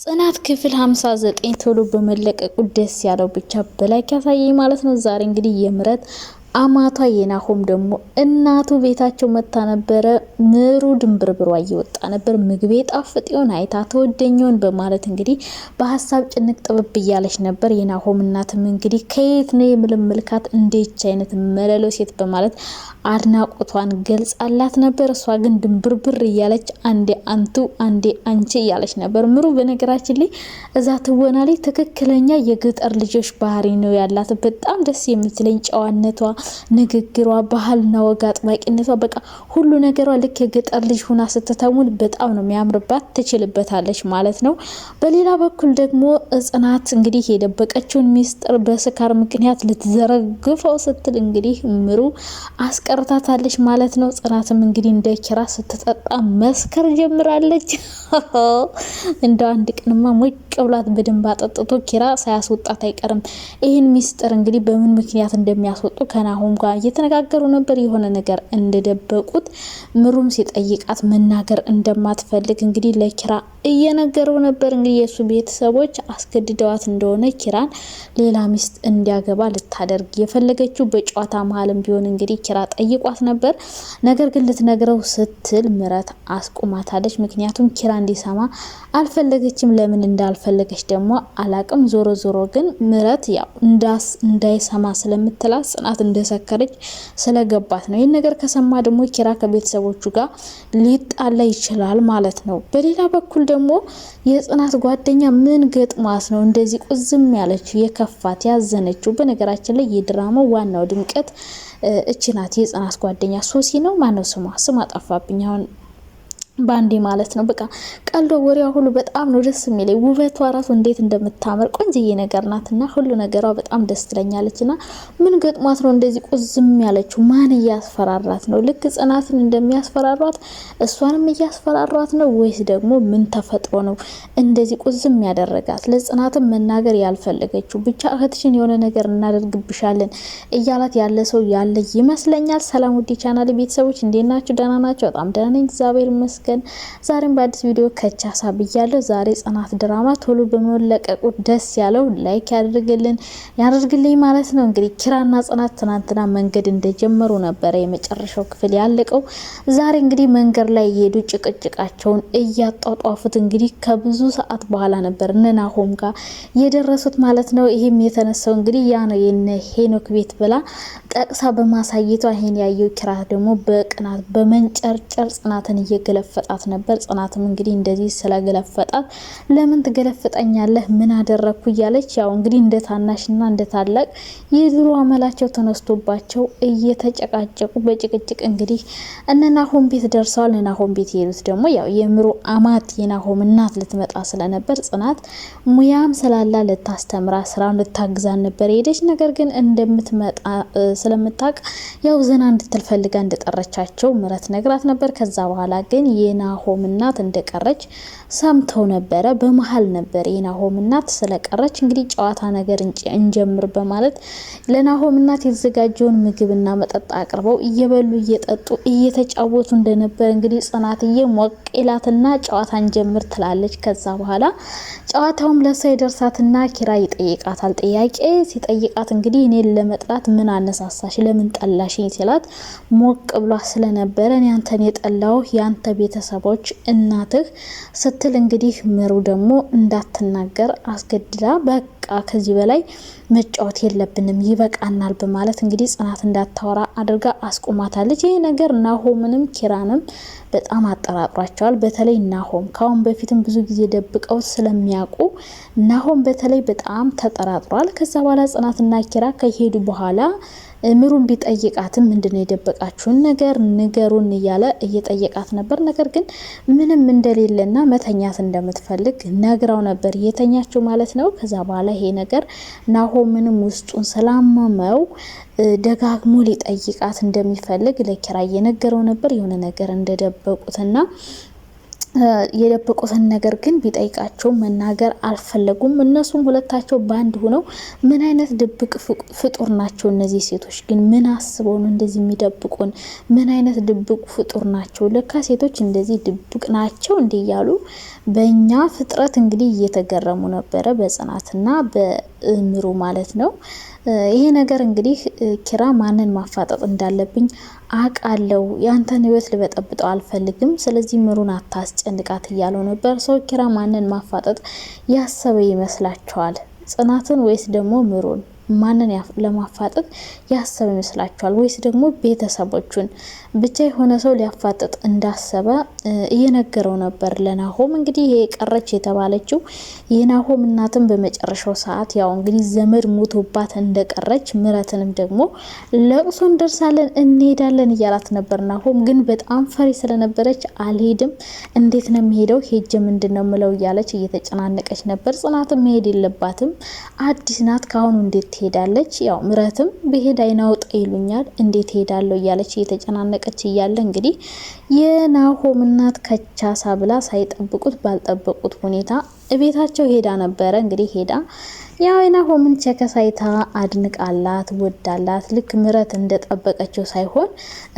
ጽናት ክፍል 59 ቶሎ በመለቀቁ ደስ ያለው ብቻ በላይ ያሳየኝ ማለት ነው። ዛሬ እንግዲህ የምረት አማቷ የናሆም ደግሞ እናቱ ቤታቸው መታ ነበረ። ምሩ ድንብርብሯ እየወጣ ነበር። ምግቤ የጣፍጥ ይሆን አይታ ተወደኘውን በማለት እንግዲህ በሀሳብ ጭንቅ ጥብብ እያለች ነበር። የናሆም እናትም እንግዲህ ከየት ነው የምልምልካት እንዴች አይነት መለሎ ሴት በማለት አድናቆቷን ገልጻላት ነበር። እሷ ግን ድንብርብር እያለች አንዴ አንቱ አንዴ አንቺ እያለች ነበር። ምሩ በነገራችን ላይ እዛ ትወና ላይ ትክክለኛ የገጠር ልጆች ባህሪ ነው ያላት። በጣም ደስ የምትለኝ ጨዋነቷ ንግግሯ፣ ባህልና ወግ አጥባቂነቷ በቃ ሁሉ ነገሯ ልክ የገጠር ልጅ ሁና ስትተውን በጣም ነው የሚያምርባት። ትችልበታለች ማለት ነው። በሌላ በኩል ደግሞ ጽናት እንግዲህ የደበቀችውን ሚስጥር በስካር ምክንያት ልትዘረግፈው ስትል እንግዲህ ምሩ አስቀርታታለች ማለት ነው። ጽናትም እንግዲህ እንደ ኪራ ስትጠጣ መስከር ጀምራለች። እንደ አንድ ቀንማ ሞቅ ብላት በደንብ አጠጥቶ ኪራ ሳያስወጣት አይቀርም። ይህን ሚስጥር እንግዲህ በምን ምክንያት እንደሚያስወጡ ከና ናሆም ጋር እየተነጋገሩ ነበር። የሆነ ነገር እንደደበቁት ምሩም ሲጠይቃት መናገር እንደማትፈልግ እንግዲህ ለኪራ እየነገረው ነበር። እንግዲህ የእሱ ቤተሰቦች አስገድደዋት እንደሆነ ኪራን ሌላ ሚስት እንዲያገባ ልታደርግ የፈለገችው በጨዋታ መሀልም ቢሆን እንግዲህ ኪራ ጠይቋት ነበር። ነገር ግን ልትነግረው ስትል ምረት አስቁማታለች። ምክንያቱም ኪራ እንዲሰማ አልፈለገችም። ለምን እንዳልፈለገች ደግሞ አላቅም። ዞሮ ዞሮ ግን ምረት ያው እንዳስ እንዳይሰማ ስለምትላት ጽናት እንደሰከረች ስለገባት ነው። ይህን ነገር ከሰማ ደግሞ ኪራ ከቤተሰቦቹ ጋር ሊጣላ ይችላል ማለት ነው። በሌላ በኩል ደግሞ የጽናት ጓደኛ ምን ገጥሟት ነው እንደዚህ ቁዝም ያለችው የከፋት ያዘነችው? በነገራችን ላይ የድራማው ዋናው ድምቀት እችናት የጽናት ጓደኛ ሶሲ ነው። ማነው ስሟ? ስም አጠፋብኝ አሁን ባንዴ ማለት ነው። በቃ ቀልዶ ወሬዋ ሁሉ በጣም ነው ደስ የሚለኝ። ውበቷ ራሱ እንዴት እንደምታምር ቆንጅዬ ነገር ናት እና ሁሉ ነገሯ በጣም ደስ ትለኛለች። እና ምን ገጥሟት ነው እንደዚህ ቁዝም ያለችው? ማን እያስፈራራት ነው? ልክ ጽናትን እንደሚያስፈራሯት እሷንም እያስፈራሯት ነው ወይስ ደግሞ ምን ተፈጥሮ ነው እንደዚህ ቁዝም ያደረጋት? ለጽናትም መናገር ያልፈለገችው ብቻ እህትሽን የሆነ ነገር እናደርግብሻለን እያላት ያለ ሰው ያለ ይመስለኛል። ሰላም ውዴ ቻናል ቤተሰቦች እንዴት ናቸው? ደህና ናቸው? በጣም ደህና ነኝ፣ እግዚአብሔር ይመስገን። ይመስገን። ዛሬም በአዲስ ቪዲዮ ከቻሳ ብያለሁ። ዛሬ ጽናት ድራማ ቶሎ በመለቀቁ ደስ ያለው ላይክ ያደርግልን ያደርግልኝ ማለት ነው። እንግዲህ ኪራና ጽናት ትናንትና መንገድ እንደጀመሩ ነበረ የመጨረሻው ክፍል ያለቀው። ዛሬ እንግዲህ መንገድ ላይ የሄዱ ጭቅጭቃቸውን እያጧጧፉት እንግዲህ ከብዙ ሰዓት በኋላ ነበር ናሆም ጋር የደረሱት ማለት ነው። ይህም የተነሳው እንግዲህ ያ ነው የነ ሄኖክ ቤት ብላ ጠቅሳ በማሳየቷ ይሄን ያየው ኪራ ደግሞ በቅናት በመንጨርጨር ጽናትን እየገለፈ እየገለፈጣት ነበር። ጽናትም እንግዲህ እንደዚህ ስለገለፈጣት ለምን ትገለፍጠኛለህ? ምን አደረግኩ? እያለች ያው እንግዲህ እንደ ታናሽና እንደ ታላቅ የድሮ አመላቸው ተነስቶባቸው እየተጨቃጨቁ በጭቅጭቅ እንግዲህ እነ ቤት ደርሰዋል። ናሆም ቤት የሄዱት ደግሞ ያው የምሮ አማት የናሆም እናት ልትመጣ ስለነበር ጽናት ሙያም ስላላ ልታስተምራ ስራ ልታግዛን ነበር የሄደች ነገር ግን እንደምትመጣ ስለምታውቅ ያው ዘና እንድትልፈልጋ እንደጠረቻቸው ምረት ነግራት ነበር። ከዛ በኋላ ግን የናሆም እናት እንደቀረች ሰምተው ነበረ። በመሀል ነበር የናሆም እናት ስለቀረች እንግዲህ ጨዋታ ነገር እንጀምር በማለት ለናሆም እናት የተዘጋጀውን ምግብና መጠጥ አቅርበው እየበሉ እየጠጡ እየተጫወቱ እንደነበር እንግዲህ ጽናትዬ ሞቅ ይላትና ጨዋታ እንጀምር ትላለች። ከዛ በኋላ ጨዋታውም ለእሷ ይደርሳትና ኪራ ይጠይቃታል። ጥያቄ ሲጠይቃት እንግዲህ እኔን ለመጥላት ምን አነሳሳሽ? ለምን ጠላሽኝ? ሲላት ሞቅ ብሏ ስለነበረ እኔ አንተን የጠላው ያንተ ቤት ቤተሰቦች እናትህ ስትል እንግዲህ ምሩ ደግሞ እንዳትናገር አስገድዳ ከዚህ በላይ መጫወት የለብንም ይበቃናል በማለት እንግዲህ ጽናት እንዳታወራ አድርጋ አስቁማታለች። ይህ ነገር ናሆምንም ኪራንም በጣም አጠራጥሯቸዋል። በተለይ ናሆም ከአሁን በፊትም ብዙ ጊዜ ደብቀው ስለሚያውቁ ናሆም በተለይ በጣም ተጠራጥሯል። ከዛ በኋላ ጽናትና ኪራ ከሄዱ በኋላ ምሩን ቢጠይቃትም ምንድነው የደበቃችሁን ነገር ንገሩን እያለ እየጠየቃት ነበር። ነገር ግን ምንም እንደሌለና መተኛት እንደምትፈልግ ነግራው ነበር የተኛችው ማለት ነው። ከዛ በኋላ ይሄ ነገር ናሆምንም ውስጡን ስላመመው ደጋግሞ ሊጠይቃት እንደሚፈልግ ለኪራ እየነገረው ነበር። የሆነ ነገር እንደደበቁትና የደበቁትን ነገር ግን ቢጠይቃቸው መናገር አልፈለጉም። እነሱም ሁለታቸው በአንድ ሆነው ምን አይነት ድብቅ ፍጡር ናቸው እነዚህ ሴቶች ግን ምን አስበው ነው እንደዚህ የሚደብቁን? ምን አይነት ድብቅ ፍጡር ናቸው? ለካ ሴቶች እንደዚህ ድብቅ ናቸው እንዲ እያሉ በእኛ ፍጥረት እንግዲህ እየተገረሙ ነበረ በጽናትና በእምሩ ማለት ነው። ይሄ ነገር እንግዲህ ኪራ ማንን ማፋጠጥ እንዳለብኝ አቃለው ያንተን ህይወት ልበጠብጠው አልፈልግም። ስለዚህ ምሩን አታስጨንቃት እያለው ነበር። ሰው ኪራ ማንን ማፋጠጥ ያሰበ ይመስላችኋል? ጽናትን ወይስ ደግሞ ምሩን? ማንን ለማፋጠጥ ያሰበ ይመስላችኋል? ወይስ ደግሞ ቤተሰቦቹን ብቻ? የሆነ ሰው ሊያፋጠጥ እንዳሰበ እየነገረው ነበር ለናሆም። እንግዲህ ይሄ ቀረች የተባለችው የናሆም እናትም በመጨረሻው ሰዓት ያው እንግዲህ ዘመድ ሞቶባት እንደቀረች ምረትንም ደግሞ ለቅሶ እንደርሳለን እንሄዳለን እያላት ነበር። ናሆም ግን በጣም ፈሪ ስለነበረች አልሄድም፣ እንዴት ነው የሚሄደው? ሄጀ ምንድን ነው ምለው እያለች እየተጨናነቀች ነበር። ጽናትም መሄድ የለባትም አዲስ ናት፣ ከአሁኑ እንዴት ትሄዳለች። ያው ምረትም ብሄድ አይናውጥ ይሉኛል እንዴት ሄዳለሁ እያለች እየተጨናነቀች እያለ እንግዲህ የናሆም እናት ከቻሳ ብላ ሳይጠብቁት ባልጠበቁት ሁኔታ እቤታቸው ሄዳ ነበረ። እንግዲህ ሄዳ ያው የናሆምን ቸከሳይታ አድንቃላት ወዳላት ልክ ምረት እንደጠበቀችው ሳይሆን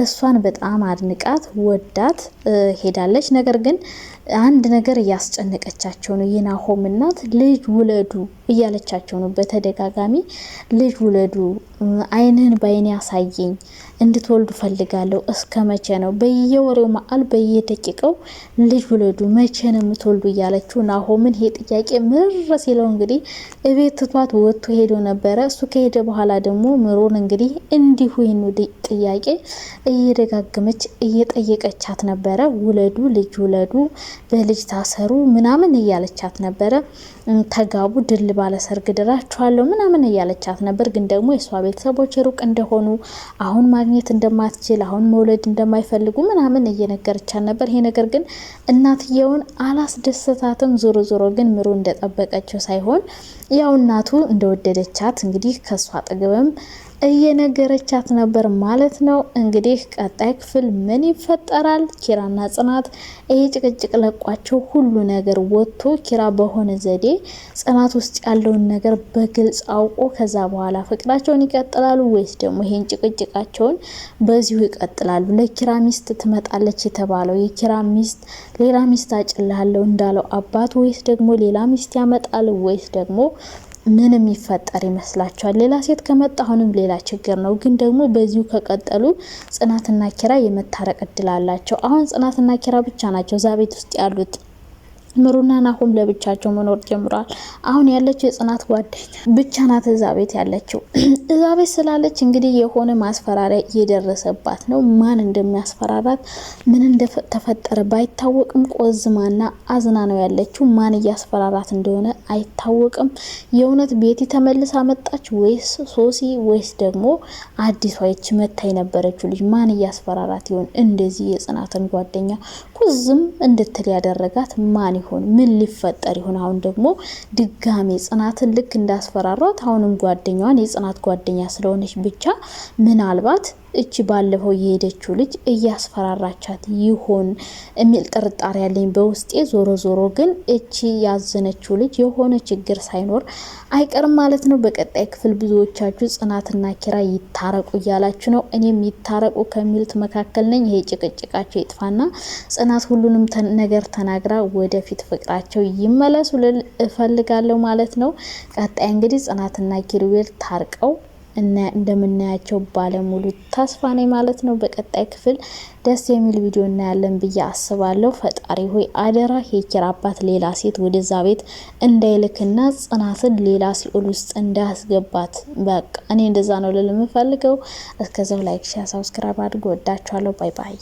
እሷን በጣም አድንቃት ወዳት ሄዳለች። ነገር ግን አንድ ነገር እያስጨነቀቻቸው ነው። የናሆም እናት ልጅ ውለዱ እያለቻቸው ነው በተደጋጋሚ ልጅ ውለዱ፣ አይንህን በአይን ያሳየኝ እንድትወልዱ ፈልጋለሁ። እስከ መቼ ነው? በየወሬው መዓል በየደቂቃው ልጅ ውለዱ፣ መቼ ነው የምትወልዱ እያለችው ናሆምን ይሄ ጥያቄ ምር ሲለው እንግዲህ እቤት ትቷት ወጥቶ ሄዶ ነበረ። እሱ ከሄደ በኋላ ደግሞ ምሮን እንግዲህ እንዲሁ ይህኑ ጥያቄ እየደጋገመች እየጠየቀቻት ነበረ። ውለዱ ልጅ ውለዱ በልጅ ታሰሩ ምናምን እያለቻት ነበረ። ተጋቡ፣ ድል ባለሰርግ ድራችኋለሁ ምናምን እያለቻት ነበር። ግን ደግሞ የእሷ ቤተሰቦች ሩቅ እንደሆኑ አሁን ማግኘት እንደማትችል አሁን መውለድ እንደማይፈልጉ ምናምን እየነገረቻት ነበር። ይሄ ነገር ግን እናትየውን አላስደሰታትም። ዞሮ ዞሮ ግን ምሩ እንደጠበቀችው ሳይሆን ያው እናቱ እንደወደደቻት እንግዲህ ከእሷ አጠገብም እየነገረቻት ነበር ማለት ነው። እንግዲህ ቀጣይ ክፍል ምን ይፈጠራል? ኪራና ጽናት ይህ ጭቅጭቅ ለቋቸው ሁሉ ነገር ወጥቶ ኪራ በሆነ ዘዴ ጽናት ውስጥ ያለውን ነገር በግልጽ አውቆ ከዛ በኋላ ፍቅራቸውን ይቀጥላሉ ወይስ ደግሞ ይህን ጭቅጭቃቸውን በዚሁ ይቀጥላሉ? ለኪራ ሚስት ትመጣለች የተባለው የኪራ ሚስት ሌላ ሚስት አጭላለው እንዳለው አባት ወይስ ደግሞ ሌላ ሚስት ያመጣል ወይስ ደግሞ ምን የሚፈጠር ይመስላችኋል? ሌላ ሴት ከመጣ አሁንም ሌላ ችግር ነው። ግን ደግሞ በዚሁ ከቀጠሉ ጽናትና ኪራ የመታረቅ እድል አላቸው። አሁን ጽናትና ኪራ ብቻ ናቸው እዛ ቤት ውስጥ ያሉት። ምሩና ናሁም ለብቻቸው መኖር ጀምሯል። አሁን ያለችው የጽናት ጓደኛ ብቻ ናት እዛ ቤት ያለችው። እዛ ቤት ስላለች እንግዲህ የሆነ ማስፈራሪያ እየደረሰባት ነው። ማን እንደሚያስፈራራት ምን እንደተፈጠረ ባይታወቅም ቆዝማና አዝና ነው ያለችው። ማን እያስፈራራት እንደሆነ አይታወቅም። የእውነት ቤቲ ተመልሳ መጣች ወይስ ሶሲ ወይስ ደግሞ አዲሷ ይች መታ የነበረችው ልጅ ማን እያስፈራራት ይሆን? እንደዚህ የጽናትን ጓደኛ ዝም እንድትል ያደረጋት ማን ይሆን? ምን ሊፈጠር ይሆን? አሁን ደግሞ ድጋሜ ጽናትን ልክ እንዳስፈራሯት አሁንም ጓደኛዋን የጽናት ጓደኛ ስለሆነች ብቻ ምናልባት እቺ ባለፈው የሄደችው ልጅ እያስፈራራቻት ይሆን የሚል ጥርጣሬ ያለኝ በውስጤ። ዞሮ ዞሮ ግን እቺ ያዘነችው ልጅ የሆነ ችግር ሳይኖር አይቀርም ማለት ነው። በቀጣይ ክፍል ብዙዎቻችሁ ጽናትና ኪራ ይታረቁ እያላችሁ ነው። እኔም ይታረቁ ከሚሉት መካከል ነኝ። ይሄ ጭቅጭቃቸው ይጥፋና ጽናት ሁሉንም ነገር ተናግራ ወደፊት ፍቅራቸው ይመለሱ ልል እፈልጋለሁ ማለት ነው። ቀጣይ እንግዲህ ጽናትና ኪሩቤል ታርቀው እንደምናያቸው ባለሙሉ ተስፋ ነኝ ማለት ነው። በቀጣይ ክፍል ደስ የሚል ቪዲዮ እናያለን ብዬ አስባለሁ። ፈጣሪ ሆይ አደራ የኪራ አባት ሌላ ሴት ወደዛ ቤት እንዳይልክና ጽናትን ሌላ ሲኦል ውስጥ እንዳያስገባት። በቃ እኔ እንደዛ ነው ልል የምፈልገው። እስከዛው ላይክ፣ ሼር፣ ሰብስክራይብ አድርጎ ወዳችኋለሁ። ባይ ባይ